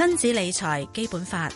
.親子理財基本法，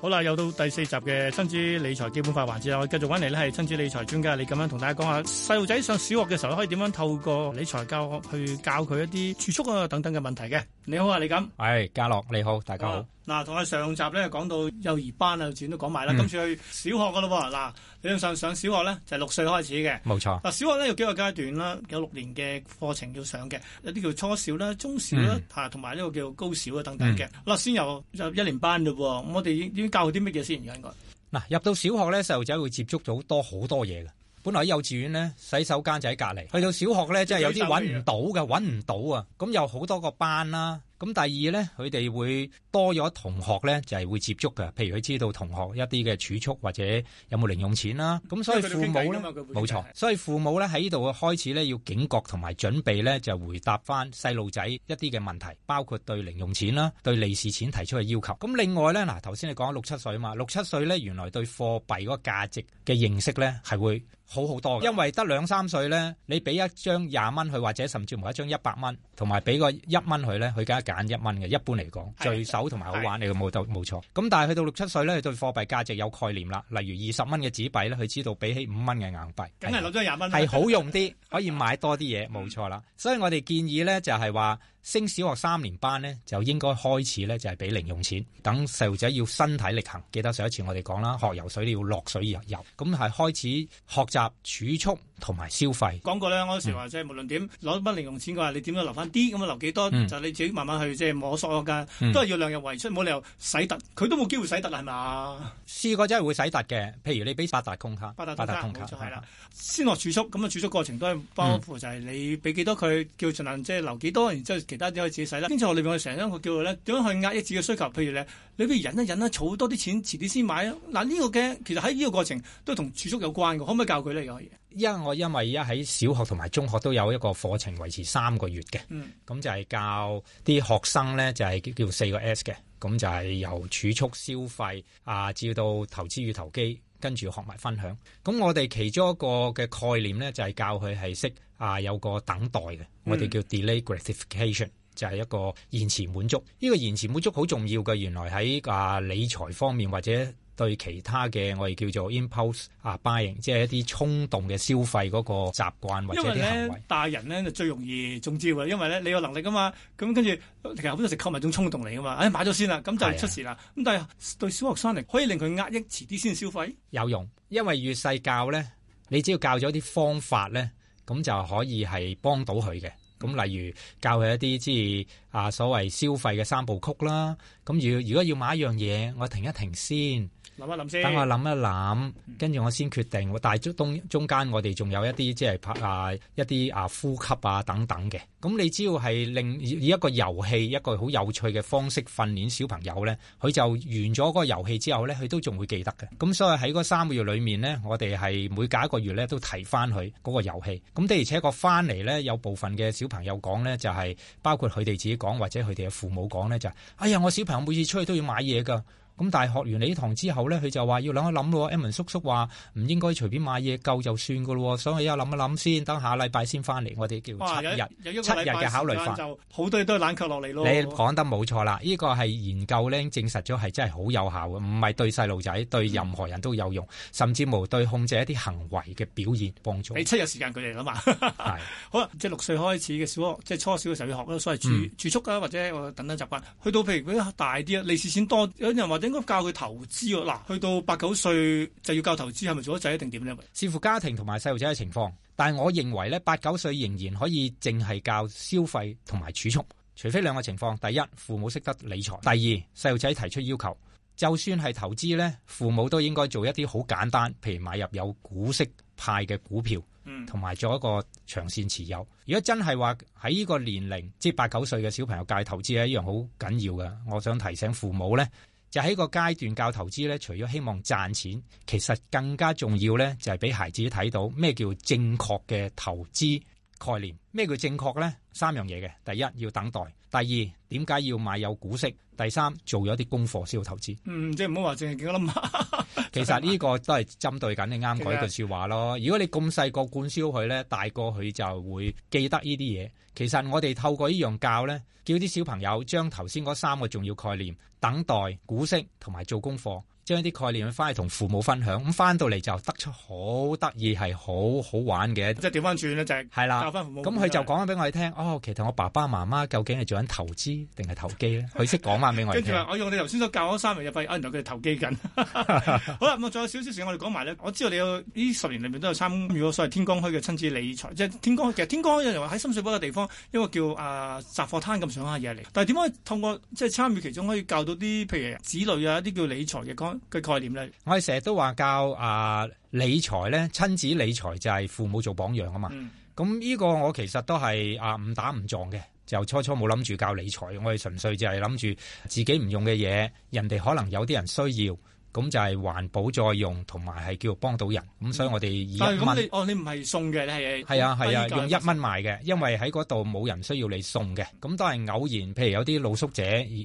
好啦，又到第四集嘅親子理財基本法環節啦，我繼續揾嚟咧係親子理財專家，你咁樣同大家講下細路仔上小學嘅時候，可以點樣透過理財教學去教佢一啲儲蓄啊、等等嘅問題嘅。你好啊，李錦係家樂，你好，大家好。嗱、啊，同阿上集咧講到幼兒班啊，全都講埋啦、嗯。今次去小學噶咯、哦，嗱、啊，你哋上上小學咧就係、六歲開始嘅，冇錯。嗱、啊，小學咧有幾個階段啦，有六年嘅課程要上嘅，有啲叫初小啦、中小啦，同埋呢個叫高小、嗯、啊，等等嘅。嗱，先由一年班喎、哦。我哋已經教啲乜嘢先？應該嗱、啊，入到小學咧，細路仔會接觸到好多好多嘢嘅。本來喺幼稚園咧，洗手間就喺隔籬。去到小學咧，即係有啲揾唔到嘅，揾唔到啊！咁有好多個班啦、啊。咁第二咧，佢哋會多咗同學咧，就係、是、會接觸嘅。譬如佢知道同學一啲嘅儲蓄或者有冇零用錢啦、啊。咁所，、啊啊、所以父母呢，冇錯。所以父母咧喺呢度開始咧，要警覺同埋準備咧，就回答翻細路仔一啲嘅問題，包括對零用錢啦、對利是錢提出嘅要求。咁另外咧，嗱，頭先你講六七歲啊嘛，六七歲咧，原來對貨幣嗰個價值嘅認識咧，係會。好好多，因為得兩三歲咧，你俾一張廿蚊佢，或者甚至乎一張一百蚊，同埋俾個一蚊佢咧，佢梗係揀一蚊嘅。一般嚟講，聚首同埋好玩你個冇得冇錯。咁但係去到六七歲咧，對貨幣價值有概念啦。例如二十蚊嘅紙幣咧，佢知道比起五蚊嘅硬幣，梗係攞張廿蚊係好用啲，可以買多啲嘢，冇、嗯、錯啦。所以我哋建議咧，就係話。升小學三年班呢，就應該開始咧就係、是、俾零用錢，等細路仔要身體力行。記得上一次我哋講啦，學游水你要落水而游，咁係開始學習儲蓄同埋消費。講過咧，我有時話、嗯、即係無論點攞筆零用錢嘅話，你點樣留翻啲咁啊，留幾多就你自己慢慢去即係摸索噶、嗯，都係要量入為出，冇理由洗突，佢都冇機會洗突係嘛？試過真係會洗突嘅，譬如你俾八達通卡，八達通卡就係啦，先學儲蓄，咁啊儲蓄過程都係包括就係你俾幾多佢、嗯，叫盡量即係留幾多，然之後。其他都可以自己使啦。經濟學裏邊我成日叫佢咧，點樣去壓抑制嘅需求，譬如咧，你不如忍一忍啦，儲多啲錢，遲啲先買啦。嗱、這、呢個嘅其實喺呢個過程都同儲蓄有關嘅，可唔可以教佢咧呢個嘢？因為我因為而家喺小學同埋中學都有一個課程維持三個月嘅，咁、嗯、就係教啲學生咧就係、是、叫四個 S 嘅，咁就係由儲蓄消費、消費啊，至到投資與投機。跟住學埋分享，咁我哋其中一個嘅概念咧，就係、是、教佢係識啊有個等待嘅、嗯，我哋叫 delay gratification，就係一個延遲滿足。呢、這個延遲滿足好重要嘅，原來喺啊理財方面或者。對其他嘅我哋叫做 impulse 啊，buying，即係一啲衝動嘅消費嗰個習慣或者啲行為。為大人咧就最容易中招啦，因為咧你有能力噶嘛，咁跟住其實好多時購物中衝動嚟噶嘛，唉、哎、買咗先啦，咁就出事啦。咁但係對小學生嚟，可以令佢壓抑遲啲先消費有用，因為越細教咧，你只要教咗啲方法咧，咁就可以係幫到佢嘅。咁例如教佢一啲即係啊所謂消費嘅三部曲啦。咁如果要買一樣嘢，我停一停先。諗一諗先，等我諗一諗，跟住我先決定。但係中中間我哋仲有一啲即係拍啊一啲啊呼吸啊等等嘅。咁你只要係令以一個遊戲一個好有趣嘅方式訓練小朋友咧，佢就完咗嗰個遊戲之後咧，佢都仲會記得嘅。咁所以喺嗰三個月裏面咧，我哋係每隔一個月咧都提翻佢嗰個遊戲。咁的而且確翻嚟咧，有部分嘅小朋友講咧，就係包括佢哋自己講或者佢哋嘅父母講咧，就係：哎呀，我小朋友每次出去都要買嘢㗎。咁大學完你堂之後咧，佢就話要諗一諗咯。M 叔叔話唔應該隨便買嘢，夠就算噶咯。所以又諗一諗先，等下禮拜先翻嚟。我哋叫七日，有七日嘅考慮法就好多嘢都冷卻落嚟咯。你講得冇錯啦，呢個係研究咧證實咗係真係好有效嘅，唔係對細路仔對任何人都有用，甚至乎對控制一啲行為嘅表現幫助。你七日時間佢哋諗嘛，係好啦，即係六歲開始嘅小學，即係初小嘅時候要學所謂儲儲蓄啊，或者等等習慣，去到譬如大啲啊，利是錢多，或者。應該教佢投資喎，嗱，去到八九歲就要教投資，係咪做咗就一定掂呢？視乎家庭同埋細路仔嘅情況，但係我認為呢，八九歲仍然可以淨係教消費同埋儲蓄，除非兩個情況：第一，父母識得理財；第二，細路仔提出要求。就算係投資呢，父母都應該做一啲好簡單，譬如買入有股息派嘅股票，同埋做一個長線持有。嗯，如果真係話喺呢個年齡，即係八九歲嘅小朋友界投資咧，一樣好緊要嘅。我想提醒父母呢。就喺個階段教投資呢，除咗希望賺錢，其實更加重要呢，就係俾孩子睇到咩叫正確嘅投資。概念，咩叫正確咧？三樣嘢嘅，第一要等待，第二點解要買有股息，第三做咗啲功課先要投資。嗯，即係唔好話淨係叫諗。 其實呢個都係針對緊你啱講嗰句說話咯。如果你咁細個灌銷佢咧，大個佢就會記得呢啲嘢。其實我哋透過呢樣教咧，叫啲小朋友將頭先嗰三個重要概念、等待、股息同埋做功課將啲概念去翻去同父母分享，咁翻到嚟就得出好得意，係好好玩嘅。即係調翻轉啦，正係啦。教翻父母，咁佢就講翻俾我哋聽。哦，其實我爸爸媽媽究竟係做緊投資定係投機咧？佢識講翻俾我哋。跟住我用你頭先所教嗰三樣嘢，發現啊，原來佢哋係投機緊。 好啦，咁啊，仲有少少時間，我哋講埋咧。我知道你有呢十年裏面都有參與過所謂天光墟嘅親子理財，即係天光。其實天光墟有人話喺深水埗嘅地方，一個叫啊、呃、雜貨攤咁上下嘢嚟。但係點解通過即係參與其中，可以教到啲譬如子女啊一啲叫理財嘅佢概念咧，我哋成日都話教啊理財咧，親子理財就係父母做榜樣啊嘛。嗯。咁呢個我其實都係啊誤打誤撞嘅，就初初冇諗住教理財，我哋純粹就係諗住自己唔用嘅嘢，人哋可能有啲人需要。咁就係環保再用，同埋係叫幫到人。咁、嗯嗯、所以我哋以一蚊哦，你唔係送嘅，你係啊啊，用一蚊賣嘅。因為喺嗰度冇人需要你送嘅。咁都係偶然。譬如有啲露宿者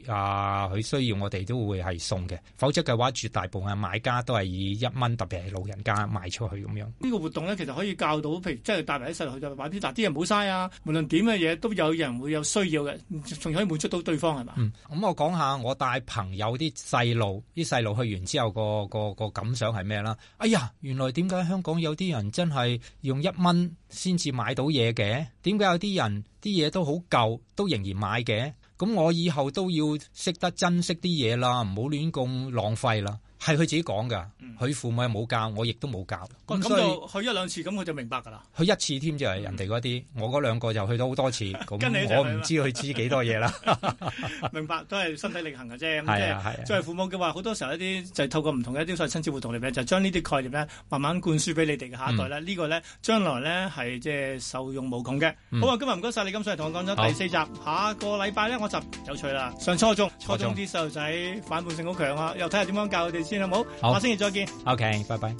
啊，佢需要我哋都會係送嘅。否則嘅話，絕大部分買家都係以一蚊，特別係老人家賣出去咁樣。呢、呢個活動咧，其實可以教到，譬如即係帶埋啲細路去就買啲雜，啲人冇嘥啊。無論點嘅嘢，都有人會有需要嘅，仲可以滿足到對方係嘛？咁、嗯、我講下我帶朋友啲細路，啲細路去完。之後個個個感想係咩啦？哎呀，原來點解香港有啲人真係用一蚊先至買到嘢嘅？點解有啲人啲嘢都好舊，都仍然買嘅？咁我以後都要識得珍惜啲嘢啦，唔好亂咁浪費啦。係佢自己講㗎，佢、嗯、父母又冇教，我亦都冇教。咁、嗯、就去一兩次，咁佢就明白㗎啦。去一次添，就係、是、人哋嗰啲，我嗰兩個就去咗好多次。咁、嗯、我唔知佢知幾多嘢啦。 明白，都係身體力行嘅啫。係 係、嗯就是啊啊、作為父母嘅話，好多時候一啲就是、透過唔同嘅一啲所謂親子活動嚟嘅，就是、將呢啲概念咧，慢慢灌輸俾你哋嘅下一代咧。嗯，這個、呢個咧，將來咧係即係受用無窮嘅、嗯。好啊，今日唔該晒你，今次同我講咗第四集，下個禮拜咧我就有趣啦。上初中，初中啲細路仔反叛性好強啊，又睇下點樣教佢哋。好，好，oh。下星期再見。OK，拜拜。